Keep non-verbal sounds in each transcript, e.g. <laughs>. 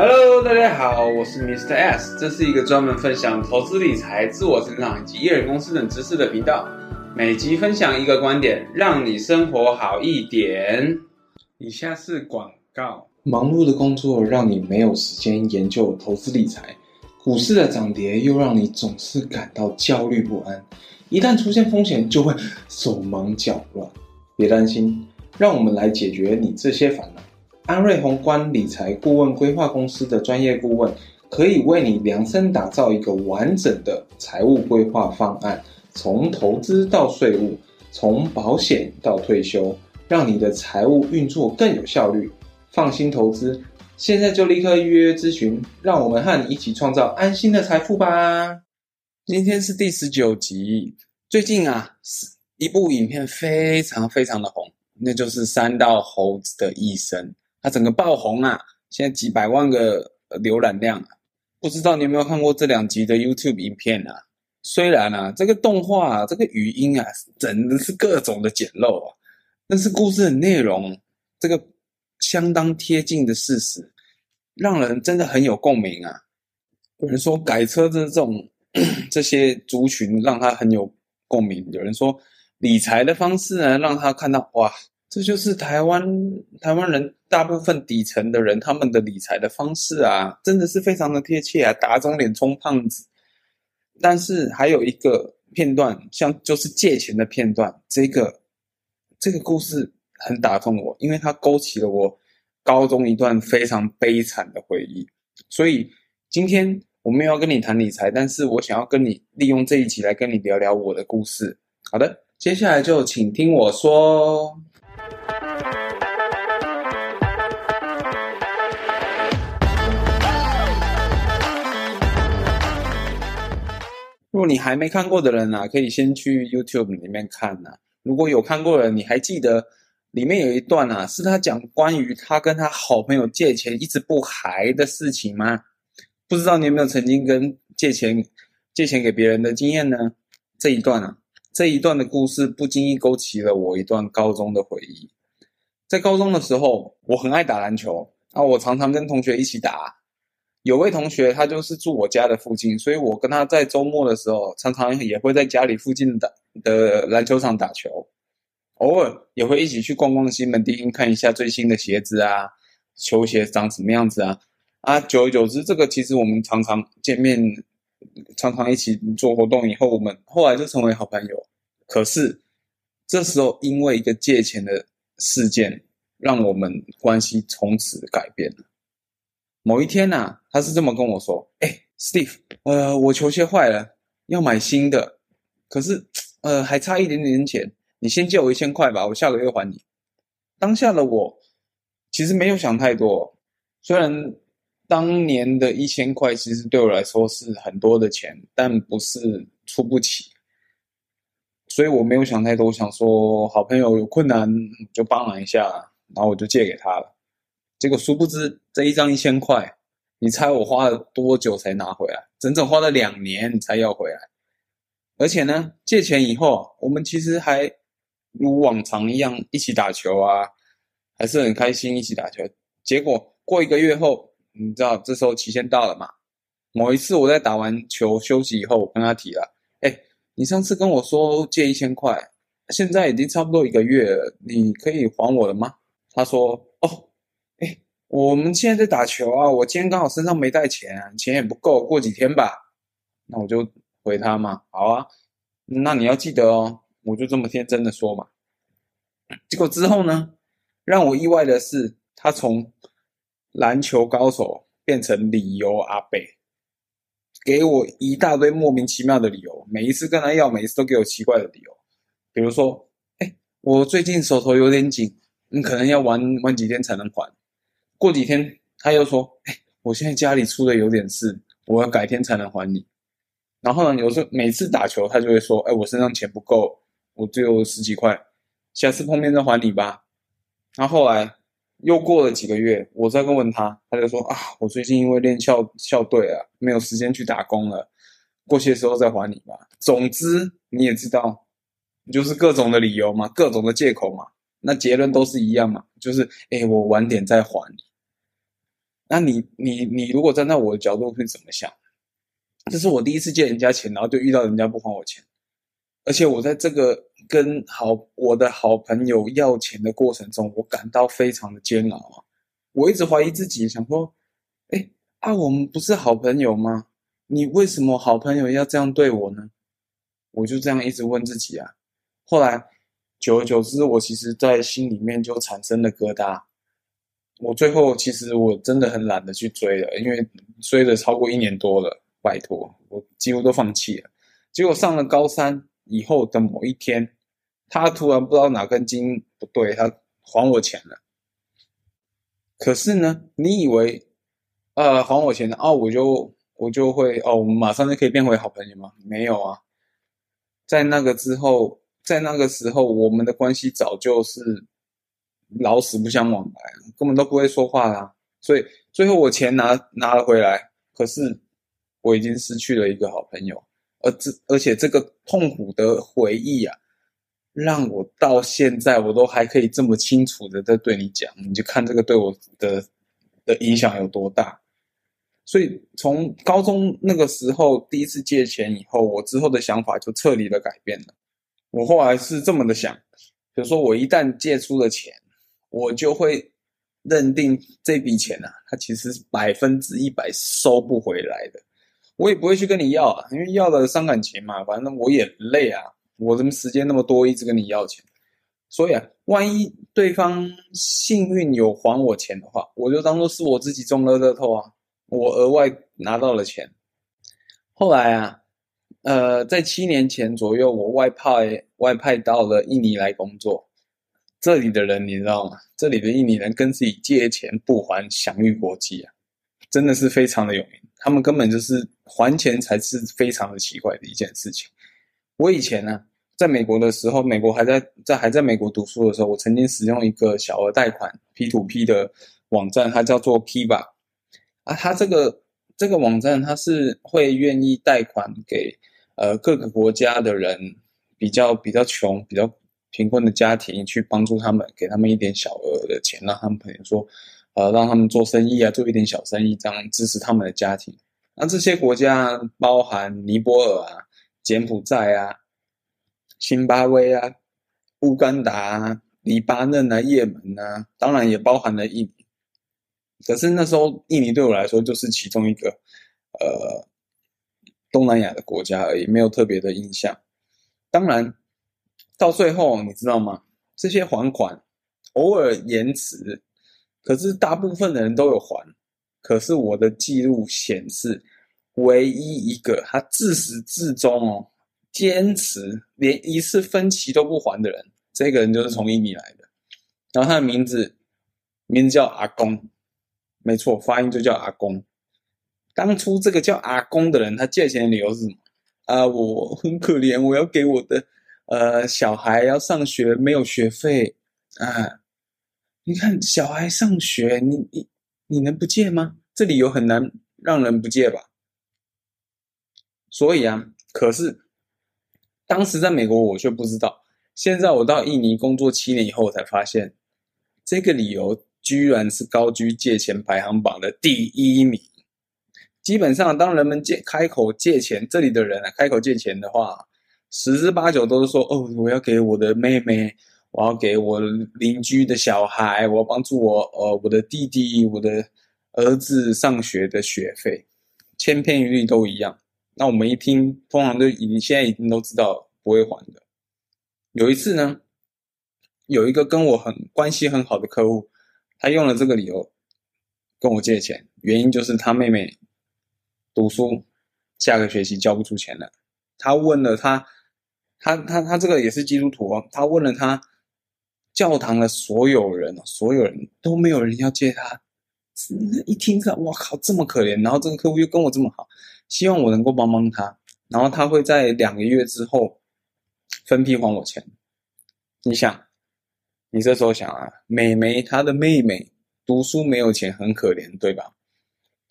Hello，大家好，我是 Mr. S，這是一個專門分享投資理財、自我成長以及一人公司等知識的頻道。每集分享一個觀點，讓你生活好一點。以下是廣告。忙碌的工作讓你沒有時間研究投資理財，股市的漲跌又讓你總是感到焦慮不安，一旦出現風險就會手忙腳亂。別擔心，讓我們來解決你這些煩惱。安睿宏觀理財顧問規劃公司的專業顧問，可以為你量身打造一個完整的財務規劃方案，從投資到稅務，從保險到退休，讓你的財務運作更有效率，放心投資。現在就立刻預約諮詢，讓我們和你一起創造安心的財富吧。今天是第十九集，最近啊，一部影片非常非常的紅，那就是《山道猴子的一生》。啊、整個爆紅啊！現在幾百萬個瀏覽量，啊，不知道你有沒有看過這兩集的 YouTube 影片啊？雖然啊，這個動畫、啊、這個語音啊，真的是各種的簡陋啊，但是故事的內容，這個相當貼近的事實，讓人真的很有共鳴啊！有人說改車的這種這些族群讓他很有共鳴，有人說理財的方式呢，讓他看到哇，這就是台灣台灣人。大部分底層的人，他們的理財的方式啊，真的是非常的貼切啊，打腫臉充胖子。但是還有一個片段，像就是借錢的片段，這個這個故事很打動我，因為它勾起了我高中一段非常悲慘的回憶。所以今天我沒有要跟你談理財，但是我想要跟你利用這一集來跟你聊聊我的故事。好的，接下來就請聽我說。如果你還沒看過的人啊，可以先去 YouTube 裡面看啊。如果有看過的人，你還記得裡面有一段啊，是他講關於他跟他好朋友借錢一直不還的事情嗎？不知道你有沒有曾經跟借錢借錢給別人的經驗呢？這一段啊，這一段的故事不經意勾起了我一段高中的回憶。在高中的時候，我很愛打籃球，啊，我常常跟同學一起打。有位同學，他就是住我家的附近，所以我跟他在周末的時候，常常也會在家裡附近打的，的籃球場打球，偶爾也會一起去逛逛西門町，看一下最新的鞋子啊，球鞋長什麼樣子啊，啊，久而久之，這個其實我們常常見面，常常一起做活動以後，我們後來就成為好朋友。可是這時候，因為一個借錢的事件，讓我們關係從此改變了。某一天吶、啊，他是這麼跟我說：“哎，Steve，呃，我球鞋壞了，要買新的，可是，呃，還差一點點錢，你先借我一千塊吧，我下個月還你。”當下的我其實沒有想太多，雖然當年的一千塊其實對我來說是很多的錢，但不是出不起，所以我沒有想太多，我想說好朋友有困難就幫忙一下，然後我就借給他了。結果，殊不知這一張一千塊，你猜我花了多久才拿回來？整整花了兩年才要回來。而且呢，借錢以後，我們其實還如往常一樣一起打球啊，還是很開心一起打球。結果過一個月後，你知道這時候期限到了嘛？某一次我在打完球休息以後，我跟他提了：“哎，你上次跟我說借一千塊，現在已經差不多一個月了，你可以還我了嗎？”他說。我們現在在打球啊，我今天剛好身上沒帶錢啊，錢也不夠，過幾天吧，那我就回他嘛，好啊，那你要記得哦，我就這麼天真的說嘛。結果之後呢，讓我意外的是，他從籃球高手變成理由阿伯，給我一大堆莫名其妙的理由。每一次跟他要，每一次都給我奇怪的理由。比如說，哎，我最近手頭有點緊，你可能要玩玩幾天才能還。過幾天他又說：“哎，我現在家裡出的有點事，我要改天才能還你。”然後呢，有時候每次打球他就會說：“哎，我身上錢不夠，我只有十幾塊，下次碰面再還你吧。”然後後來又過了幾個月，我再問問他，他就說：“啊，我最近因為練校校隊啊，沒有時間去打工了，過些時候再還你吧。”總之你也知道，就是各種的理由嘛，各種的借口嘛。那結論都是一樣嘛，就是“哎，我晚點再還。”那你你你如果站在我的角度會怎麼想？這是我第一次借人家錢，然後就遇到人家不還我錢，而且我在這個跟好我的好朋友要錢的過程中，我感到非常的煎熬啊！我一直懷疑自己，想說，哎啊，我們不是好朋友嗎？你為什麼好朋友要這樣對我呢？我就這樣一直問自己啊。後來，久而久之，我其實在心裡面就產生了疙瘩。我最後其實我真的很懶得去追了，因為追了超過一年多了，拜托我幾乎都放棄了。結果上了高三以後的某一天，他突然不知道哪根筋不對，他還我錢了。可是呢，你以為，呃，還我錢了，啊，我就我就會哦，我們馬上就可以變回好朋友嗎？沒有啊，在那個之後，在那個時候，我們的關係早就是。老死不相往來，根本都不會說話啦。所以最後我錢拿拿了回來，可是我已經失去了一個好朋友，而這而且這個痛苦的回憶啊，讓我到現在我都還可以這麼清楚的在對你講，你就看這個對我的的影響有多大。所以從高中那個時候第一次借錢以後，我之後的想法就徹底的改變了。我後來是這麼的想，比如說我一旦借出了錢。我就會認定這筆錢吶、啊，它其實是百分之一百收不回來的。我也不會去跟你要啊，因為要了傷感情嘛，反正我也累啊，我什麼時間那麼多，一直跟你要錢？所以啊，萬一對方幸運有還我錢的話，我就當做是我自己中了樂透啊，我額外拿到了錢。後來啊，呃，在七年前左右，我外派外派到了印尼來工作。這裡的人你知道嗎？這裡的印尼人跟自己借錢不還，享譽國際啊，真的是非常的有名。他們根本就是還錢才是非常的奇怪的一件事情。我以前呢、啊，在美國的時候，美國還在在還在美國讀書的時候，我曾經使用一個小額貸款 P2P 的網站，它叫做 Kiva 啊。它這個這個網站，它是會願意貸款給呃各個國家的人比，比較比較窮比較。貧困的家庭去幫助他們，給他們一點小額的錢，讓他們朋友說，呃，讓他們做生意啊，做一點小生意，這樣支持他們的家庭。那這些國家包含尼泊爾啊、柬埔寨啊、辛巴威啊、烏干達啊、黎巴嫩啊、也門啊，當然也包含了印尼。可是那時候，印尼對我來說就是其中一個，呃，東南亞的國家而已，沒有特別的印象。當然。到最後，你知道嗎？這些還款偶爾延遲，可是大部分的人都有還。可是我的記錄顯示，唯一一個他自始至終哦堅持連一次分期都不還的人，這個人就是從印尼來的。然後他的名字名字叫阿公，沒錯，發音就叫阿公。當初這個叫阿公的人，他借錢的理由是什麼？啊、呃，我很可憐，我要給我的。呃，小孩要上學沒有學費，啊，你看小孩上學，你你你能不借嗎？這理由很難讓人不借吧。所以啊，可是當時在美國我卻不知道，現在我到印尼工作七年以後我才發現，這個理由居然是高居借錢排行榜的第一名。基本上，當人們借，開口借錢，這裡的人啊，開口借錢的話。十之八九都是說：“哦，我要給我的妹妹，我要給我鄰居的小孩，我要幫助我呃我的弟弟、我的兒子上學的學費，千篇一律都一樣。”那我們一聽，通常都已經，現在已經都知道不會還的。有一次呢，有一個跟我很關係很好的客戶，他用了這個理由跟我借錢，原因就是他妹妹讀書下個學期交不出錢了。他問了他。他他他這個也是基督徒哦、啊。他問了他教堂的所有人，所有人都沒有人要借他。一聽到，我靠，這麼可憐。然後這個客戶又跟我這麼好，希望我能夠幫幫他。然後他會在兩個月之後分批還我錢。你想，你這時候想啊，妹妹，妹，她的妹妹讀書沒有錢，很可憐，對吧？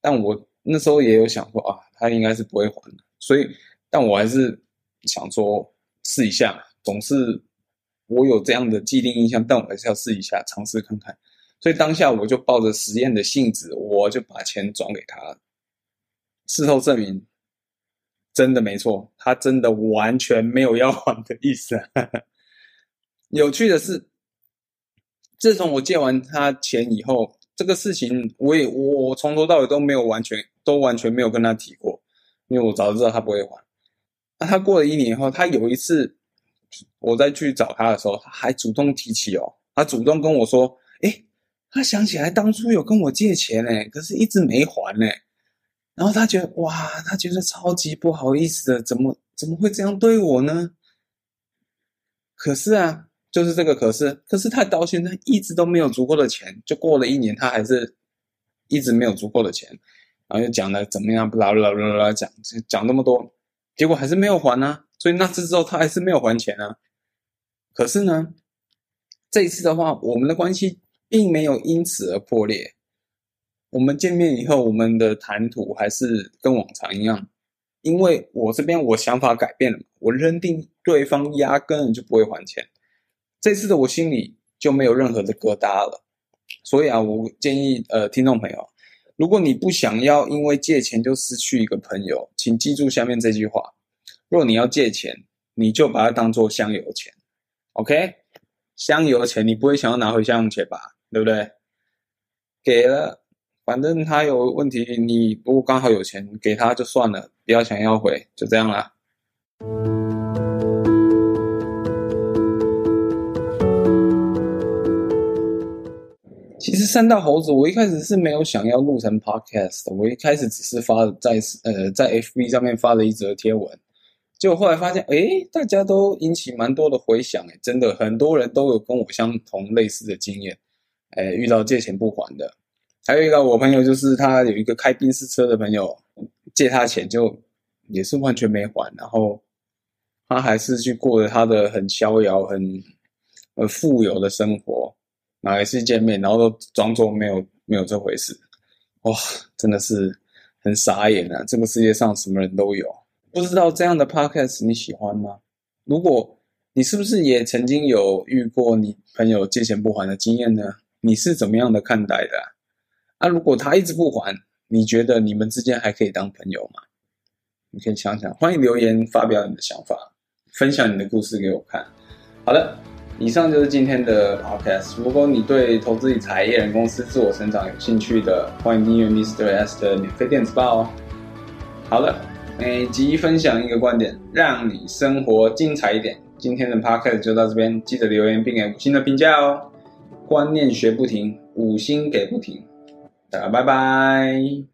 但我那時候也有想過啊，他應該是不會還的。所以，但我還是想說。試一下，總是我有這樣的既定印象，但我還是要試一下，嘗試看看。所以當下我就抱着實驗的性質，我就把錢轉給他。事後證明，真的沒錯，他真的完全沒有要還的意思。 <laughs> 有趣的是，自從我借完他錢以後，這個事情，我也，我從頭到尾都沒有完全，都完全沒有跟他提過，因為我早就知道他不會還。那、啊、他過了一年以後，他有一次，我再去找他的時候，他還主動提起哦，他主動跟我說，哎，他想起來當初有跟我借錢呢，可是一直沒還呢。然後他覺得哇，他覺得超級不好意思的，怎麼怎麼會這樣對我呢？可是啊，就是這個可是，可是他到現在一直都沒有足夠的錢，就過了一年，他還是一直沒有足夠的錢，然後又講了怎麼樣，啦啦啦啦啦，講講那麼多。結果還是沒有還啊，所以那次之後他還是沒有還錢啊。可是呢，這一次的話，我們的關係並沒有因此而破裂。我們見面以後，我們的談吐還是跟往常一樣。因為我這邊，我想法改變了，我認定對方壓根就不會還錢。這次的我心裡就沒有任何的疙瘩了。所以啊，我建議呃，聽眾朋友。如果你不想要因為借錢就失去一個朋友，請記住下面這句話：如果你要借錢，你就把它當做香油錢。OK，香油錢你不會想要拿回香油錢吧？對不對？給了，反正他有問題，你不過剛好有錢給他就算了，不要想要回，就這樣啦。山道猴子，我一開始是沒有想要錄成 podcast 的。我一開始只是發在呃在 FB 上面發了一則貼文，結果後來發現，誒、欸，大家都引起蠻多的回響、欸，誒真的很多人都有跟我相同類似的經驗，誒、欸、遇到借錢不還的。還有一個我朋友，就是他有一個開賓士車的朋友，借他錢就也是完全沒還，然後他還是去過了他的很逍遙、很呃富有的生活。哪一次見面，然後都裝作沒有沒有這回事，哇、哦，真的是很傻眼啊！這個世界上什麼人都有，不知道這樣的 podcast 你喜歡嗎？如果你是不是也曾經有遇過你朋友借錢不還的經驗呢？你是怎麼樣的看待的啊？啊，如果他一直不還，你覺得你們之間還可以當朋友嗎？你可以想想，歡迎留言發表你的想法，分享你的故事給我看。好了。以上就是今天的 podcast。如果你對投資理財、一人公司自我成長有興趣的，歡迎訂閱 Mr. S 的免費電子報哦。好了，每集分享一個觀點，讓你生活精彩一點。今天的 podcast 就到這邊，記得留言並給五星的評價哦。觀念學不停，五星給不停。大家拜拜。